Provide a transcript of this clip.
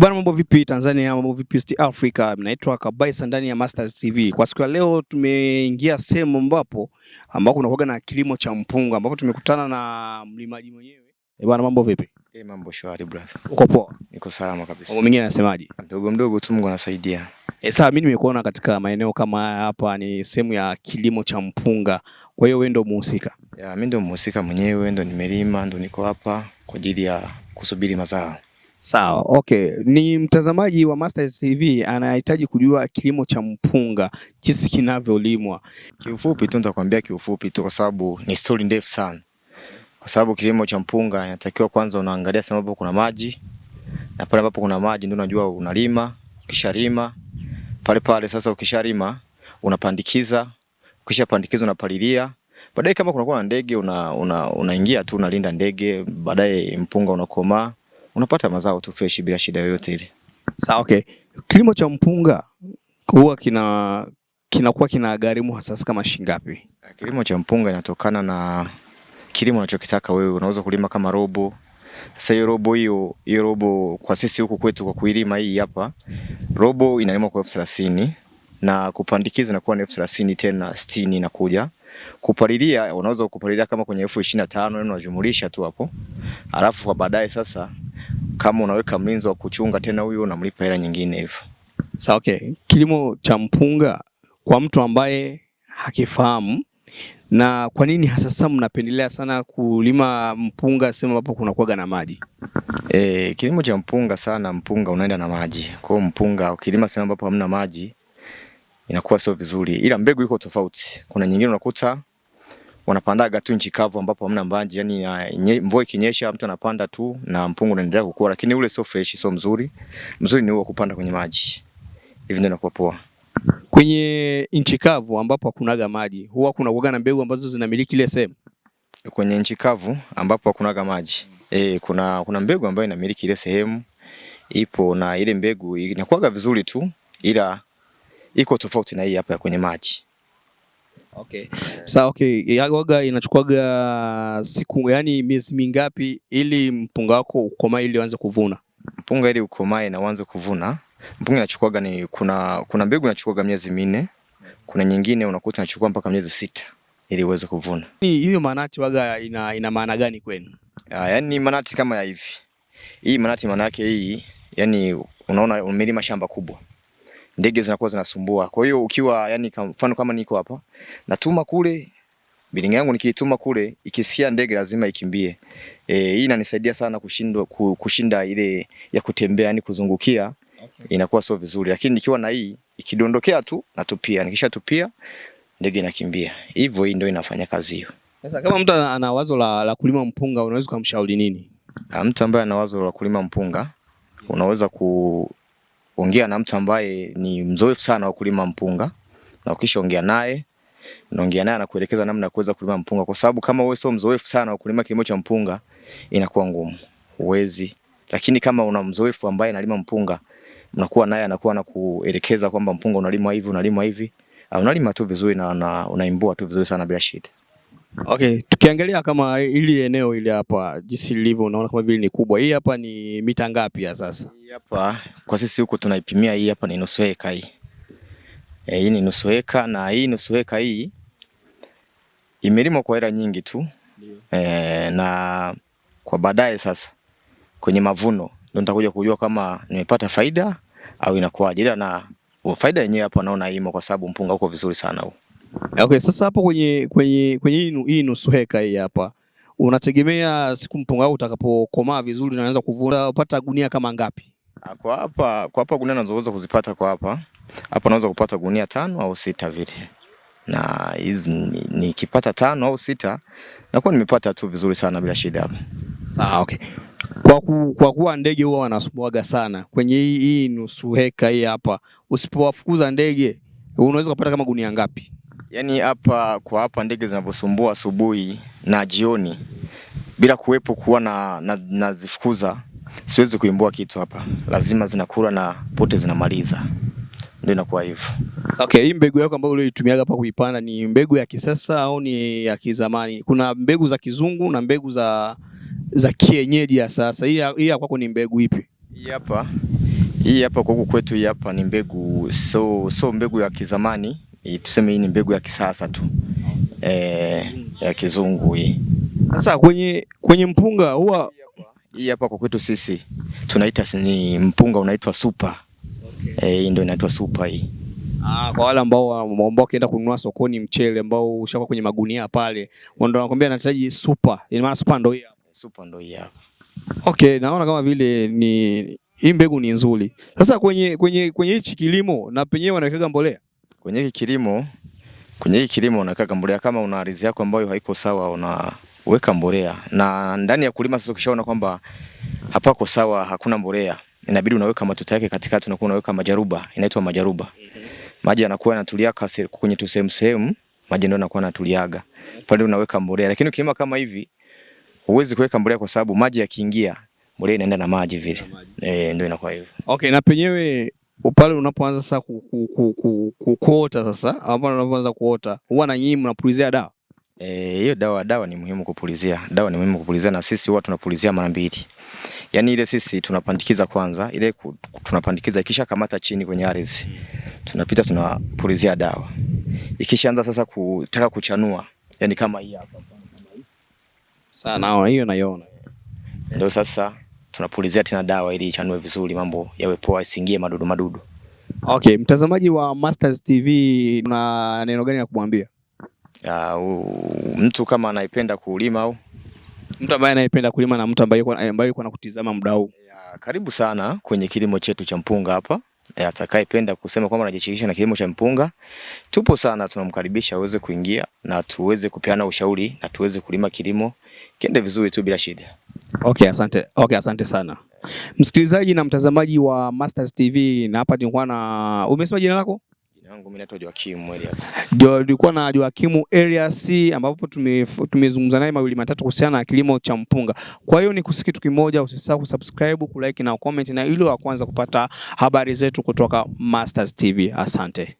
Bwana, mambo vipi Tanzania, mambo vipi East Africa? Naitwa Kabaisa ndani ya Mastaz TV. Kwa siku ya leo tumeingia sehemu ambapo ambako kunakuwa na kilimo cha mpunga ambapo tumekutana na mlimaji mwenyewe. Eh, mambo vipi? Eh, mambo shwari brother. Uko poa? Niko salama kabisa. Mambo mengine anasemaje? Mdogo mdogo tu Mungu anasaidia. Eh, sasa mimi nimekuona katika maeneo kama haya hapa ni sehemu ya kilimo cha mpunga. Kwa hiyo wewe ndio muhusika? Ya, mimi ndio muhusika mwenyewe, ndio nimelima, ndio niko hapa kwa ajili ya kusubiri mazao. Sawa, okay. Ni mtazamaji wa Mastaz TV anahitaji kujua kilimo cha mpunga jinsi kinavyolimwa. Kiufupi tu nitakwambia kiufupi tu kwa sababu ni story ndefu sana. Kwa sababu kilimo cha mpunga inatakiwa kwanza unaangalia sehemu ambapo kuna maji. Na pale ambapo kuna maji ndio unajua unalima, ukisharima. Pale pale sasa ukisharima unapandikiza, ukishapandikiza unapalilia. Baadaye kama kuna kuna ndege unaingia una una tu unalinda ndege, baadaye mpunga unakomaa unapata mazao tu fresh bila shida yoyote ile. Sawa, okay. Kilimo cha mpunga huwa kina kinakuwa kina gharimu hasa kama shilingi ngapi? Kilimo cha mpunga inatokana na kilimo unachokitaka wewe, unaweza kulima kama robo. Sasa hiyo robo hiyo hiyo robo kwa sisi huku kwetu kwa kuilima hii hapa robo inalimwa kwa elfu thelathini na kupandikiza inakuwa ni elfu thelathini tena sitini inakuja kupalilia, unaweza kupalilia kama kwenye elfu ishirini na tano unajumulisha tu hapo, alafu kwa baadaye sasa kama unaweka mlinzi wa kuchunga tena, huyo unamlipa hela nyingine hivyo. Sawa, okay. Kilimo cha mpunga kwa mtu ambaye hakifahamu na kwa nini hasa sasa mnapendelea sana kulima mpunga sehemu ambapo kuaga na maji? E, kilimo cha mpunga sana, mpunga unaenda na maji. Kwa hiyo mpunga ukilima sehemu ambapo hamna maji inakuwa sio vizuri, ila mbegu iko tofauti. Kuna nyingine unakuta wanapandaga tu nchi kavu ambapo hamna maji, yani uh, mvua ikinyesha mtu anapanda tu na mpungu unaendelea kukua, lakini ule sio fresh, sio mzuri. Mzuri ni huo kupanda kwenye maji, hivi ndio inakuwa poa. Kwenye nchi kavu ambapo hakunaga maji huwa kuna kuaga na mbegu ambazo zinamiliki ile sehemu. Kwenye nchi kavu ambapo hakunaga maji e, kuna, kuna mbegu ambayo inamiliki ile sehemu ipo, na ile mbegu inakuaga vizuri tu, ila iko tofauti na hii hapa ya kwenye maji. Okay. Sawa, okay. Yagoga inachukuaga siku yani miezi mingapi ili mpunga wako ukomae ili uanze kuvuna? Mpunga ili ukomae na uanze kuvuna, mpunga inachukuaga ni kuna kuna mbegu inachukuaga miezi minne, kuna nyingine unakuta inachukua mpaka miezi sita ili uweze kuvuna. Hiyo manati waga ina, ina maana gani kwenu? Ah, yani manati kama ya hivi. Hii manati maana yake hii, yani unaona umelima shamba kubwa ndege zinakuwa zinasumbua. Kwa hiyo ukiwa yani, kwa mfano kama niko hapa natuma kule bilingi yangu nikiituma kule, ikisikia ndege lazima ikimbie. E, hii inanisaidia sana kushindwa kushinda ile ya kutembea yani kuzungukia, okay. Inakuwa sio vizuri, lakini nikiwa na hii ikidondokea tu natupia, nikishatupia ndege inakimbia. Hivyo hii ndio inafanya kazi hiyo. Sasa kama mtu ana wazo la, la kulima mpunga unaweza kumshauri nini? Ha, ah, mtu ambaye ana wazo la kulima mpunga unaweza ku ongea na mtu ambaye ni mzoefu sana wa kulima mpunga, na ukishaongea naye naongea naye anakuelekeza namna ya kuweza kulima mpunga, kwa sababu kama wewe sio mzoefu sana wa kulima kilimo cha mpunga inakuwa ngumu, uwezi. Lakini kama una mzoefu ambaye analima mpunga, mnakuwa naye anakuwa anakuelekeza kwamba mpunga unalima hivi, unalima hivi, unalima tu vizuri na unaimbua tu vizuri sana bila shida. Okay, tukiangalia kama ili eneo ili hapa jinsi lilivyo, unaona kama vile ni kubwa. Hii hapa ni mita ngapi ya sasa? Hii hapa kwa sisi huku tunaipimia, hii hapa ni nusu eka hii. E, hii ni nusu eka na hii nusu eka hii imelimwa kwa hela nyingi tu e, na kwa baadaye sasa kwenye mavuno ndio nitakuja kujua kama nimepata faida au inakuwaje, ila na faida yenyewe hapa naona imo, kwa sababu mpunga uko vizuri sana huu. Okay, sasa hapo kwenye kwenye kwenye hii nusu heka hii hapa unategemea siku mpunga wako utakapokomaa vizuri na unaanza kuvuna upata gunia kama ngapi? Ah, kwa hapa kwa hapa gunia nazoweza kuzipata kwa hapa hapa naweza kupata gunia tano au sita vile, na hizi nikipata ni tano au sita nakuwa nimepata tu vizuri sana bila shida hapa. Sawa, okay. Kwa, ku, kwa kuwa ndege huwa wanasumbuaga sana kwenye hii nusu heka hii hapa, usipowafukuza ndege unaweza kupata kama gunia ngapi? Yaani hapa kwa hapa ndege zinavyosumbua asubuhi na jioni bila kuwepo kuwa na, na, siwezi kuimbua kitu hapa, lazima zinakula na pote zinamaliza, ndio inakuwa hivyo. Okay, hii mbegu yako ambayo uliitumiaga hapa kuipanda ni mbegu ya kisasa au ni ya kizamani? Kuna mbegu za kizungu na mbegu za za kienyeji ya sasa. Hii hii kwako ni mbegu ipi? Hii hapa, hii hapa kwa kwetu, hii hapa ni mbegu so so mbegu ya kizamani tuseme hii ni mbegu ya kisasa tu e, ya kizungu hii. Sasa kwenye kwenye mpunga huwa hii hapa kwa kwetu sisi tunaita ni mpunga unaitwa super. Okay. Eh, hii ndio inaitwa super hii. Ah, kwa wale ambao wameomba kwenda kununua sokoni mchele ambao ushakuwa kwenye magunia pale, ndio wanakuambia anahitaji super. Ina maana super ndio hii hapa. Super ndio hii hapa. Okay, naona kama vile ni hii mbegu ni nzuri. Sasa kwenye kwenye kwenye hichi kilimo na penyewe wanaweka mbolea. Kwenye hiki kilimo, kwenye hiki kilimo unaweka mbolea kama una ardhi yako ambayo haiko sawa, unaweka mbolea. Na ndani ya kulima sasa, ukishaona kwamba hapako sawa, hakuna mbolea, inabidi unaweka matuta yake katikati, unakuwa unaweka majaruba, inaitwa majaruba. Maji yanakuwa yanatulia kasi kwenye tu sehemu sehemu, maji ndio yanakuwa yanatuliaga pale, unaweka mbolea. Lakini ukilima kama hivi huwezi kuweka mbolea kwa sababu maji yakiingia mbolea inaenda na maji vile, eh, ndio inakuwa hivyo. Okay, na penyewe pale unapoanza sasa kuota sasa, ambapo unapoanza kuota huwa na nyinyi mnapulizia dawa eh, hiyo. E, dawa dawa ni muhimu kupulizia, dawa ni muhimu kupulizia, na sisi huwa tunapulizia mara mbili. Yaani ile sisi tunapandikiza kwanza, ile tunapandikiza ikisha kamata chini kwenye ardhi, tunapita tunapulizia dawa. Ikishaanza sasa kutaka kuchanua, yani kama hii hapa sana, hiyo naiona ndio sasa tunapulizia tena dawa ili ichanue vizuri, mambo yawe poa, isingie madudu madudu. Okay, mtazamaji wa Masters TV una neno gani la kumwambia? Uh, mtu kama anaipenda kulima au mtu ambaye anayependa kulima na mtu ambaye ambaye yuko anakutizama muda huu. Karibu sana kwenye kilimo chetu cha mpunga hapa. Atakayependa kusema kwamba anajishirikisha na kilimo cha mpunga, tupo sana, tunamkaribisha aweze kuingia na tuweze kupeana ushauri na tuweze kulima kilimo kiende vizuri tu bila shida. Okay, asante. Okay, asante sana msikilizaji na mtazamaji wa Masters TV, na hapa tulikuwa na, umesema jina lako? Jina langu mimi naitwa Joakim Elias. Tulikuwa na Joakim Elias ambapo tumezungumza naye mawili matatu kuhusiana na kilimo cha mpunga. Kwa hiyo ni kusiki kitu kimoja, usisahau kusubscribe, kulike na comment, na ili wa kwanza kupata habari zetu kutoka Masters TV. Asante.